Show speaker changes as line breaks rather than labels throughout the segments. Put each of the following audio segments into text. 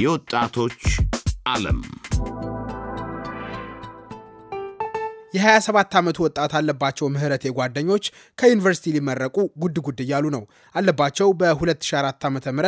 የወጣቶች ዓለም የ27 ዓመቱ ወጣት አለባቸው ምህረት የጓደኞች ከዩኒቨርሲቲ ሊመረቁ ጉድ ጉድ እያሉ ነው። አለባቸው በ2004 ዓ ም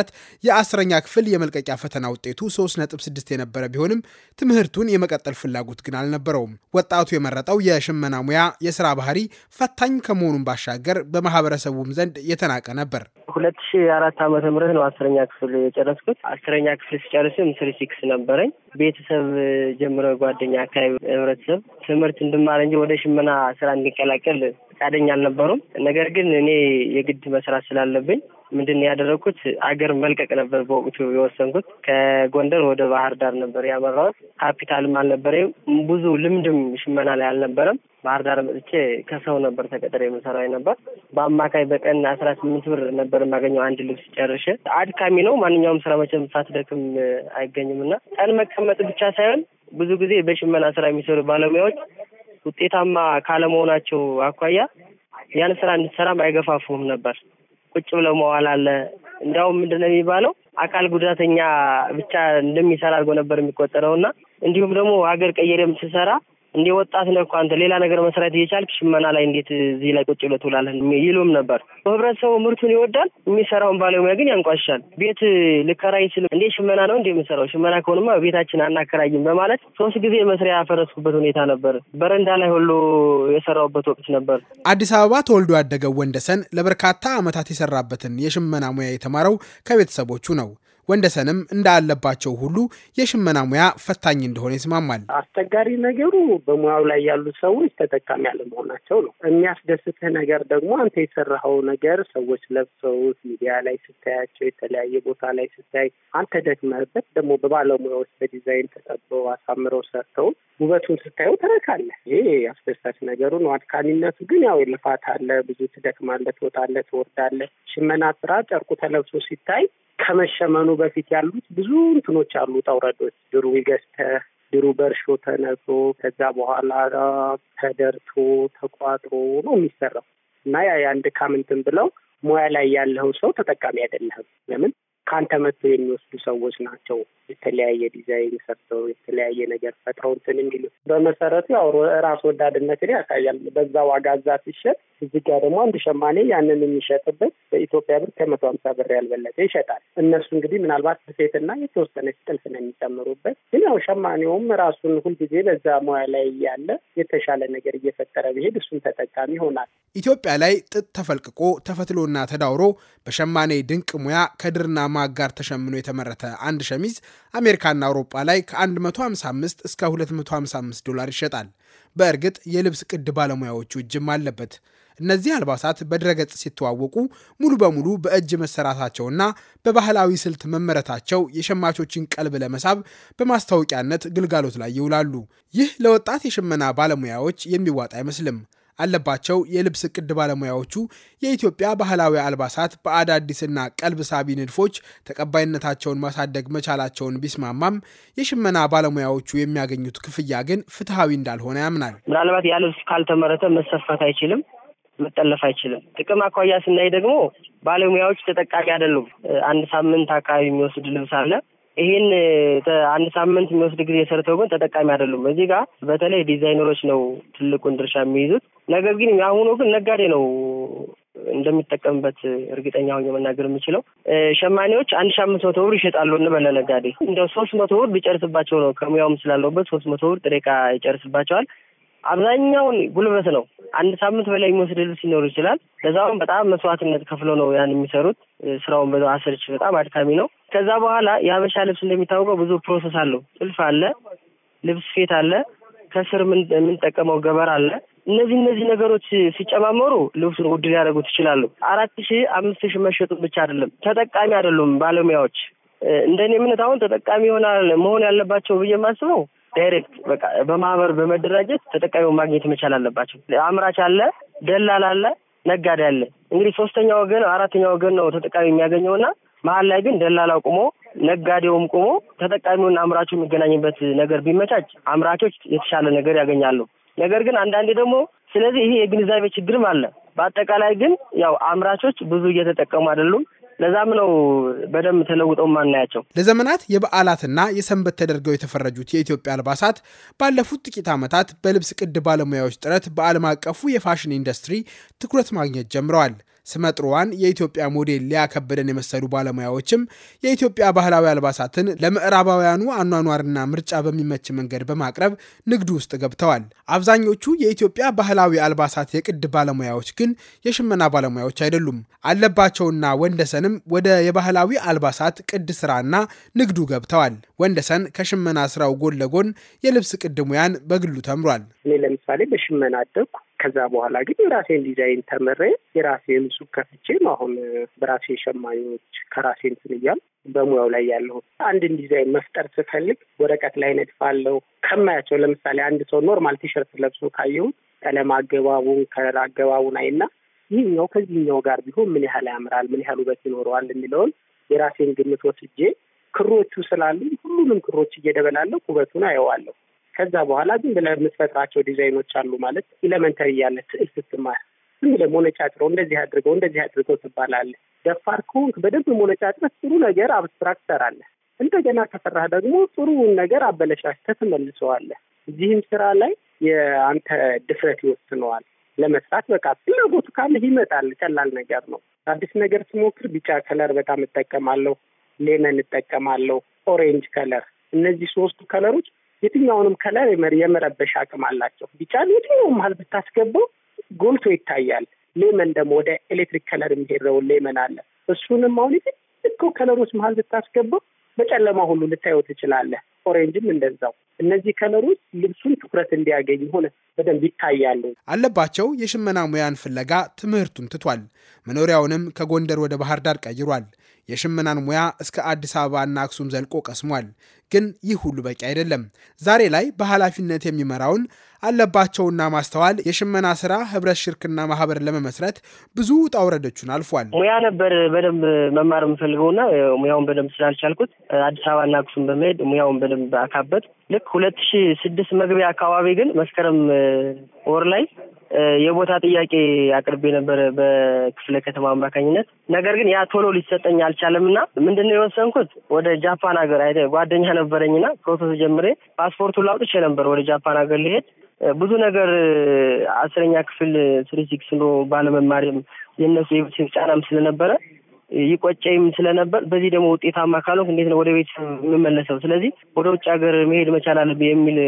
የአስረኛ ክፍል የመልቀቂያ ፈተና ውጤቱ 3.6 የነበረ ቢሆንም ትምህርቱን የመቀጠል ፍላጎት ግን አልነበረውም። ወጣቱ የመረጠው የሽመና ሙያ የስራ ባህሪ ፈታኝ ከመሆኑን ባሻገር በማህበረሰቡም ዘንድ የተናቀ ነበር።
ሁለት ሺ አራት ዓመተ ምህረት ነው አስረኛ ክፍል የጨረስኩት። አስረኛ ክፍል ስጨርስም ስሪ ሲክስ ነበረኝ ቤተሰብ ጀምሮ ጓደኛ፣ አካባቢ ህብረተሰብ ትምህርት እንድማር እንጂ ወደ ሽመና ስራ እንዲቀላቀል ፈቃደኛ አልነበሩም። ነገር ግን እኔ የግድ መስራት ስላለብኝ ምንድን ነው ያደረግኩት? አገር መልቀቅ ነበር በወቅቱ የወሰንኩት። ከጎንደር ወደ ባህር ዳር ነበር ያመራሁት። ካፒታልም አልነበረም፣ ብዙ ልምድም ሽመና ላይ አልነበረም። ባህር ዳር መጥቼ ከሰው ነበር ተቀጥሬ የምሰራው ነበር። በአማካይ በቀን አስራ ስምንት ብር ነበር የማገኘው አንድ ልብስ ጨርሼ። አድካሚ ነው ማንኛውም ስራ መቼም ሳትደክም አይገኝም እና ቀን መቀመጥ ብቻ ሳይሆን ብዙ ጊዜ በሽመና ስራ የሚሰሩ ባለሙያዎች ውጤታማ ካለመሆናቸው አኳያ ያን ስራ እንድትሰራም አይገፋፉም ነበር። ቁጭ ብለው መዋል አለ። እንዲያውም ምንድነው የሚባለው አካል ጉዳተኛ ብቻ እንደሚሰራ አድርጎ ነበር የሚቆጠረው እና እንዲሁም ደግሞ ሀገር ቀየርም ስሰራ እንዴ ወጣት ነህ እኮ አንተ ሌላ ነገር መስራት እየቻልክ ሽመና ላይ እንዴት እዚህ ላይ ቁጭ ብለህ ትውላለህ? ይሉም ነበር። ህብረተሰቡ ምርቱን ይወዳል፣ የሚሰራውን ባለሙያ ግን ያንቋሻል። ቤት ልከራይ ስል እንዴ ሽመና ነው እንዴ የምሰራው? ሽመና ከሆንማ ቤታችን አናከራይም በማለት ሶስት ጊዜ መስሪያ ያፈረስኩበት ሁኔታ ነበር። በረንዳ ላይ ሁሉ የሰራሁበት ወቅት ነበር።
አዲስ አበባ ተወልዶ ያደገው ወንደሰን ለበርካታ ዓመታት የሰራበትን የሽመና ሙያ የተማረው ከቤተሰቦቹ ነው። ወንደሰንም እንዳለባቸው ሁሉ የሽመና ሙያ ፈታኝ እንደሆነ ይስማማል።
አስቸጋሪ ነገሩ በሙያው ላይ ያሉ ሰዎች ተጠቃሚ ያለመሆናቸው ነው። የሚያስደስትህ ነገር ደግሞ አንተ የሰራኸው ነገር ሰዎች ለብሰውት ሚዲያ ላይ ስታያቸው፣ የተለያየ ቦታ ላይ ስታይ አንተ ደክመህበት ደግሞ በባለሙያዎች በዲዛይን ተጠበው አሳምረው ሰርተው ውበቱን ስታየው ተረካለህ። ይሄ አስደሳች ነገሩ ነው። አድካሚነቱ ግን ያው ልፋት አለ። ብዙ ትደክማለህ፣ ትወጣለህ፣ ትወርዳለህ። ሽመና ስራ ጨርቁ ተለብሶ ሲታይ ከመሸመኑ በፊት ያሉት ብዙ እንትኖች አሉ። ጠውረዶች ድሩ ይገዝተህ ድሩ በእርሾ ተነቅሎ ከዛ በኋላ ተደርቶ ተቋጥሮ ነው የሚሰራው እና ያ የአንድ ካምንትን ብለው ሙያ ላይ ያለው ሰው ተጠቃሚ አይደለህም። ለምን ከአንተ መጥቶ የሚወስዱ ሰዎች ናቸው የተለያየ ዲዛይን ሰርተው የተለያየ ነገር ፈጥረው እንትን የሚሉ በመሰረቱ ያው ራስ ወዳድነትን ያሳያል። በዛ ዋጋ እዛ ሲሸጥ እዚህ ደግሞ አንድ ሸማኔ ያንን የሚሸጥበት በኢትዮጵያ ብር ከመቶ ሀምሳ ብር ያልበለጠ ይሸጣል። እነሱ እንግዲህ ምናልባት ስፌትና የተወሰነች ጥልፍ ነው የሚጨምሩበት። ግን ያው ሸማኔውም ራሱን ሁልጊዜ በዛ ሙያ ላይ ያለ የተሻለ ነገር እየፈጠረ ቢሄድ እሱም ተጠቃሚ ይሆናል።
ኢትዮጵያ ላይ ጥጥ ተፈልቅቆ ተፈትሎና ተዳውሮ በሸማኔ ድንቅ ሙያ ከድርና ማጋር ተሸምኖ የተመረተ አንድ ሸሚዝ አሜሪካና አውሮፓ ላይ ከ155 እስከ 255 ዶላር ይሸጣል። በእርግጥ የልብስ ቅድ ባለሙያዎቹ እጅም አለበት። እነዚህ አልባሳት በድረገጽ ሲተዋወቁ ሙሉ በሙሉ በእጅ መሰራታቸውና በባህላዊ ስልት መመረታቸው የሸማቾችን ቀልብ ለመሳብ በማስታወቂያነት ግልጋሎት ላይ ይውላሉ። ይህ ለወጣት የሽመና ባለሙያዎች የሚዋጥ አይመስልም። አለባቸው የልብስ ቅድ ባለሙያዎቹ የኢትዮጵያ ባህላዊ አልባሳት በአዳዲስና ቀልብ ሳቢ ንድፎች ተቀባይነታቸውን ማሳደግ መቻላቸውን ቢስማማም የሽመና ባለሙያዎቹ የሚያገኙት ክፍያ ግን ፍትሐዊ እንዳልሆነ ያምናል።
ምናልባት ያ ልብስ ካልተመረተ መሰፋት አይችልም፣ መጠለፍ አይችልም። ጥቅም አኳያ ስናይ ደግሞ ባለሙያዎች ተጠቃሚ አይደሉም። አንድ ሳምንት አካባቢ የሚወስድ ልብስ አለ። ይህን አንድ ሳምንት የሚወስድ ጊዜ ሰርተው ግን ተጠቃሚ አይደሉም። እዚህ ጋር በተለይ ዲዛይነሮች ነው ትልቁን ድርሻ የሚይዙት። ነገር ግን አሁኑ ግን ነጋዴ ነው እንደሚጠቀምበት እርግጠኛ ሆኜ መናገር የምችለው ሸማኔዎች አንድ ሺ አምስት መቶ ብር ይሸጣሉ እንበለ ነጋዴ እንደ ሶስት መቶ ብር ቢጨርስባቸው ነው ከሙያውም ስላለሁበት ሶስት መቶ ብር ጥሬ ዕቃ ይጨርስባቸዋል። አብዛኛውን ጉልበት ነው። አንድ ሳምንት በላይ የሚወስድ ልብስ ሊኖር ይችላል። ለዛውም በጣም መስዋዕትነት ከፍሎ ነው ያን የሚሰሩት። ስራውን በዛ አሰልች በጣም አድካሚ ነው። ከዛ በኋላ የሀበሻ ልብስ እንደሚታወቀው ብዙ ፕሮሰስ አለው። ጥልፍ አለ፣ ልብስ ፌት አለ፣ ከስር የምንጠቀመው ገበር አለ። እነዚህ እነዚህ ነገሮች ሲጨማመሩ ልብሱን ውድ ሊያደርጉት ይችላሉ። አራት ሺ አምስት ሺ መሸጡን ብቻ አይደለም ተጠቃሚ አይደሉም ባለሙያዎች። እንደኔ እምነት አሁን ተጠቃሚ ይሆናል መሆን ያለባቸው ብዬ የማስበው ዳይሬክት በቃ በማህበር በመደራጀት ተጠቃሚውን ማግኘት መቻል አለባቸው። አምራች አለ፣ ደላላ አለ፣ ነጋዴ አለ። እንግዲህ ሶስተኛ ወገን አራተኛ ወገን ነው ተጠቃሚ የሚያገኘው እና መሀል ላይ ግን ደላላው ቁሞ ነጋዴውም ቁሞ ተጠቃሚውን አምራቹ የሚገናኝበት ነገር ቢመቻች አምራቾች የተሻለ ነገር ያገኛሉ። ነገር ግን አንዳንዴ ደግሞ ስለዚህ ይሄ የግንዛቤ ችግርም አለ። በአጠቃላይ ግን ያው አምራቾች ብዙ እየተጠቀሙ አይደሉም። ለዛም ነው
በደንብ ተለውጠው ማናያቸው። ለዘመናት የበዓላትና የሰንበት ተደርገው የተፈረጁት የኢትዮጵያ አልባሳት ባለፉት ጥቂት ዓመታት በልብስ ቅድ ባለሙያዎች ጥረት በዓለም አቀፉ የፋሽን ኢንዱስትሪ ትኩረት ማግኘት ጀምረዋል። ስመጥሮዋን የኢትዮጵያ ሞዴል ሊያከብደን የመሰሉ ባለሙያዎችም የኢትዮጵያ ባህላዊ አልባሳትን ለምዕራባውያኑ አኗኗርና ምርጫ በሚመች መንገድ በማቅረብ ንግዱ ውስጥ ገብተዋል። አብዛኞቹ የኢትዮጵያ ባህላዊ አልባሳት የቅድ ባለሙያዎች ግን የሽመና ባለሙያዎች አይደሉም። አለባቸውና ወንደሰንም ወደ የባህላዊ አልባሳት ቅድ ስራና ንግዱ ገብተዋል። ወንደሰን ከሽመና ስራው ጎን ለጎን የልብስ ቅድ ሙያን በግሉ ተምሯል።
እኔ ለምሳሌ በሽመና አደግኩ። ከዛ በኋላ ግን የራሴን ዲዛይን ተምሬ የራሴን ሱቅ ከፍቼም አሁን በራሴ ሸማኞች ከራሴ እንትን በሙያው ላይ ያለው አንድን ዲዛይን መፍጠር ስፈልግ ወረቀት ላይ ነድፋለው። ከማያቸው ለምሳሌ አንድ ሰው ኖርማል ቲሸርት ለብሶ ካየው ቀለም አገባቡን ከለር አገባቡን አይና ይህኛው ከዚህኛው ጋር ቢሆን ምን ያህል ያምራል፣ ምን ያህል ውበት ይኖረዋል የሚለውን የራሴን ግምት ወስጄ ክሮቹ ስላሉኝ ሁሉንም ክሮች እየደበላለሁ ውበቱን አየዋለሁ። ከዛ በኋላ ዝም ብለህ የምትፈጥራቸው ዲዛይኖች አሉ ማለት ኢለመንተሪ እያለ ስዕል ስትማር ዝም ብለህ ሞነጫጭረው እንደዚህ አድርገው እንደዚህ አድርገው ትባላለህ። ደፋር ከሆንክ በደንብ ሞነጫጭረህ ጥሩ ነገር አብስትራክት ትሰራለህ። እንደገና ከሰራህ ደግሞ ጥሩውን ነገር አበለሻሽተህ ትመልሰዋለህ። እዚህም ስራ ላይ የአንተ ድፍረት ይወስነዋል። ለመስራት በቃ ፍላጎቱ ካለህ ይመጣል። ቀላል ነገር ነው። አዲስ ነገር ስሞክር ቢጫ ከለር በጣም እጠቀማለሁ፣ ሌመን እጠቀማለሁ፣ ኦሬንጅ ከለር። እነዚህ ሶስቱ ከለሮች የትኛውንም ከለር የመረበሽ አቅም አላቸው። ቢጫን የትኛው መሀል ብታስገባው ጎልቶ ይታያል። ሌመን ደግሞ ወደ ኤሌክትሪክ ከለር የሚሄደውን ሌመን አለ። እሱንም አሁን ልክ ከለሮች መሀል ብታስገባው በጨለማ ሁሉ ልታየው ትችላለህ። ኦሬንጅም እንደዛው። እነዚህ ከለሮች ልብሱን ትኩረት እንዲያገኝ ሆነ በደንብ ይታያሉ።
አለባቸው የሽመና ሙያን ፍለጋ ትምህርቱን ትቷል። መኖሪያውንም ከጎንደር ወደ ባህር ዳር ቀይሯል። የሽመናን ሙያ እስከ አዲስ አበባና አክሱም ዘልቆ ቀስሟል። ግን ይህ ሁሉ በቂ አይደለም። ዛሬ ላይ በኃላፊነት የሚመራውን አለባቸውና ማስተዋል የሽመና ስራ ህብረት ሽርክና ማህበር ለመመስረት ብዙ ውጣ ውረዶችን አልፏል። ሙያ ነበር በደንብ
መማር የምፈልገውና ሙያውን በደንብ ስላልቻልኩት አዲስ አበባና አክሱም በመሄድ ሙያውን በደንብ አካበት። ልክ ሁለት ሺ ስድስት መግቢያ አካባቢ ግን መስከረም ወር ላይ የቦታ ጥያቄ አቅርቤ ነበር በክፍለ ከተማ አማካኝነት። ነገር ግን ያ ቶሎ ሊሰጠኝ አልቻለም እና ምንድነው የወሰንኩት ወደ ጃፓን ሀገር ጓደኛ ነበረኝና ፕሮሰስ ጀምሬ ፓስፖርቱን ላውጥቼ ነበር ወደ ጃፓን ሀገር ሊሄድ ብዙ ነገር አስረኛ ክፍል ስሪ ሲክስ ባለመማሪም የእነሱ የቤተሰብ ጫናም ስለነበረ ይቆጨኝም ስለነበር በዚህ ደግሞ ውጤታማ ካልሆንኩ እንዴት ነው ወደ ቤት የምመለሰው? ስለዚህ ወደ ውጭ ሀገር መሄድ መቻል አለብኝ የሚል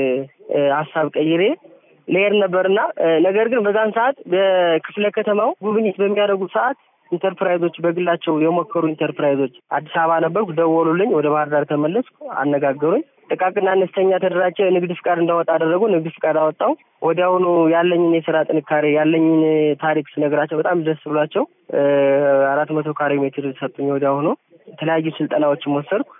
ሀሳብ ቀይሬ ልሄድ ነበርና ነገር ግን በዛን ሰዓት በክፍለ ከተማው ጉብኝት በሚያደርጉ ሰዓት ኢንተርፕራይዞች በግላቸው የሞከሩ ኢንተርፕራይዞች አዲስ አበባ ነበርኩ፣ ደወሉልኝ። ወደ ባህር ዳር ተመለስኩ፣ አነጋገሩኝ። ጥቃቅና አነስተኛ ተደራጀ፣ ንግድ ፍቃድ እንዳወጣ አደረጉ። ንግድ ፍቃድ አወጣው። ወዲያውኑ ያለኝን የስራ ጥንካሬ ያለኝን ታሪክ ስነግራቸው በጣም ደስ ብሏቸው አራት መቶ ካሬ ሜትር ሰጡኝ። ወዲያውኑ የተለያዩ ስልጠናዎችን ወሰድኩ።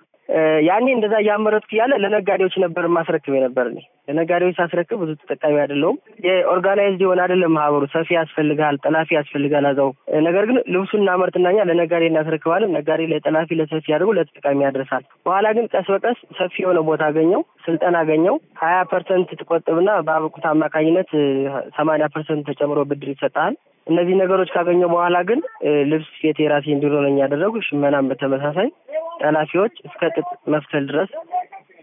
ያኔ እንደዛ እያመረትኩ እያለ ለነጋዴዎች ነበር ማስረክብ የነበር እኔ ለነጋዴዎች ሳስረክብ ብዙ ተጠቃሚ አይደለውም የኦርጋናይዝድ የሆነ አይደለም ማህበሩ ሰፊ ያስፈልጋል፣ ጠላፊ ያስፈልጋል አዛው ነገር ግን ልብሱን እናመርትና እኛ ለነጋዴ እናስረክባለን። ነጋዴ ለጠላፊ ለሰፊ አድርጎ ለተጠቃሚ ያደርሳል። በኋላ ግን ቀስ በቀስ ሰፊ የሆነ ቦታ አገኘው፣ ስልጠና አገኘው። ሀያ ፐርሰንት ትቆጥብና በአበቁት አማካኝነት ሰማንያ ፐርሰንት ተጨምሮ ብድር ይሰጣል። እነዚህ ነገሮች ካገኘው በኋላ ግን ልብስ ስፌት የራሴ እንዲሆነኝ ያደረጉ ሽመናም በተመሳሳይ ጠላፊዎች እስከ ጥጥ መፍተል ድረስ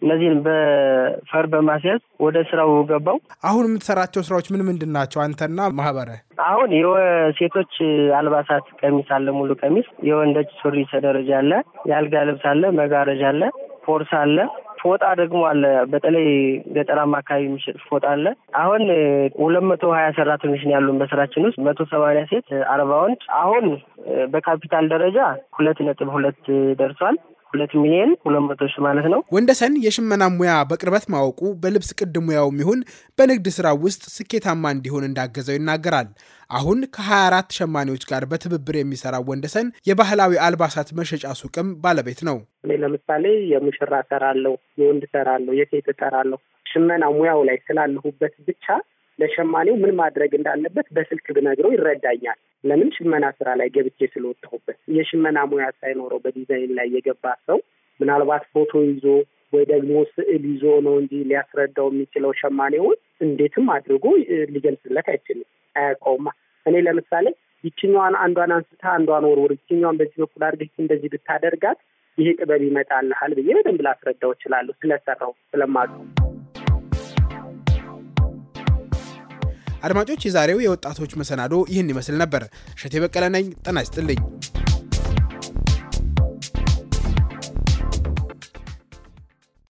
እነዚህን በፈር በማስያዝ
ወደ ስራው ገባው። አሁን የምትሰራቸው ስራዎች ምን ምንድን ናቸው? አንተና ማህበረ
አሁን የሴቶች አልባሳት ቀሚስ አለ፣ ሙሉ ቀሚስ፣ የወንዶች ሱሪ ደረጃ አለ፣ የአልጋ ልብስ አለ፣ መጋረጃ አለ፣ ቦርሳ አለ፣ ፎጣ ደግሞ አለ። በተለይ ገጠራማ አካባቢ የሚሸጥ ፎጣ አለ። አሁን ሁለት መቶ ሀያ ሰራተኞች ነው ያሉን በስራችን ውስጥ መቶ ሰማንያ ሴት አርባ ወንድ። አሁን በካፒታል ደረጃ ሁለት ነጥብ ሁለት
ደርሷል። ሁለት ሚሊዮን ሁለት መቶ ሺህ ማለት ነው። ወንደሰን የሽመና ሙያ በቅርበት ማወቁ በልብስ ቅድ ሙያውም ይሁን በንግድ ስራ ውስጥ ስኬታማ እንዲሆን እንዳገዘው ይናገራል። አሁን ከ24 ሸማኔዎች ጋር በትብብር የሚሰራው ወንደሰን የባህላዊ አልባሳት መሸጫ ሱቅም ባለቤት ነው።
እኔ ለምሳሌ የሙሽራ እሰራለሁ፣ የወንድ እሰራለሁ፣ የሴት እሰራለሁ። ሽመና ሙያው ላይ ስላለሁበት ብቻ ለሸማኔው ምን ማድረግ እንዳለበት በስልክ ብነግረው ይረዳኛል። ለምን ሽመና ስራ ላይ ገብቼ ስለወጣሁበት። የሽመና ሙያ ሳይኖረው በዲዛይን ላይ የገባ ሰው ምናልባት ፎቶ ይዞ ወይ ደግሞ ስዕል ይዞ ነው እንጂ ሊያስረዳው የሚችለው ሸማኔውን እንዴትም አድርጎ ሊገልጽለት አይችልም፣ አያውቀውማ። እኔ ለምሳሌ ይችኛዋን አንዷን አንስታ አንዷን ወርውር፣ ይችኛዋን በዚህ በኩል አድርገህ እንደዚህ ብታደርጋት ይሄ ጥበብ ይመጣልሃል ብዬ በደንብ ላስረዳው እችላለሁ ስለሰራው ስለማውቀው
አድማጮች፣ የዛሬው የወጣቶች መሰናዶ ይህን ይመስል ነበር። እሸቴ በቀለ ነኝ። ጤና ይስጥልኝ።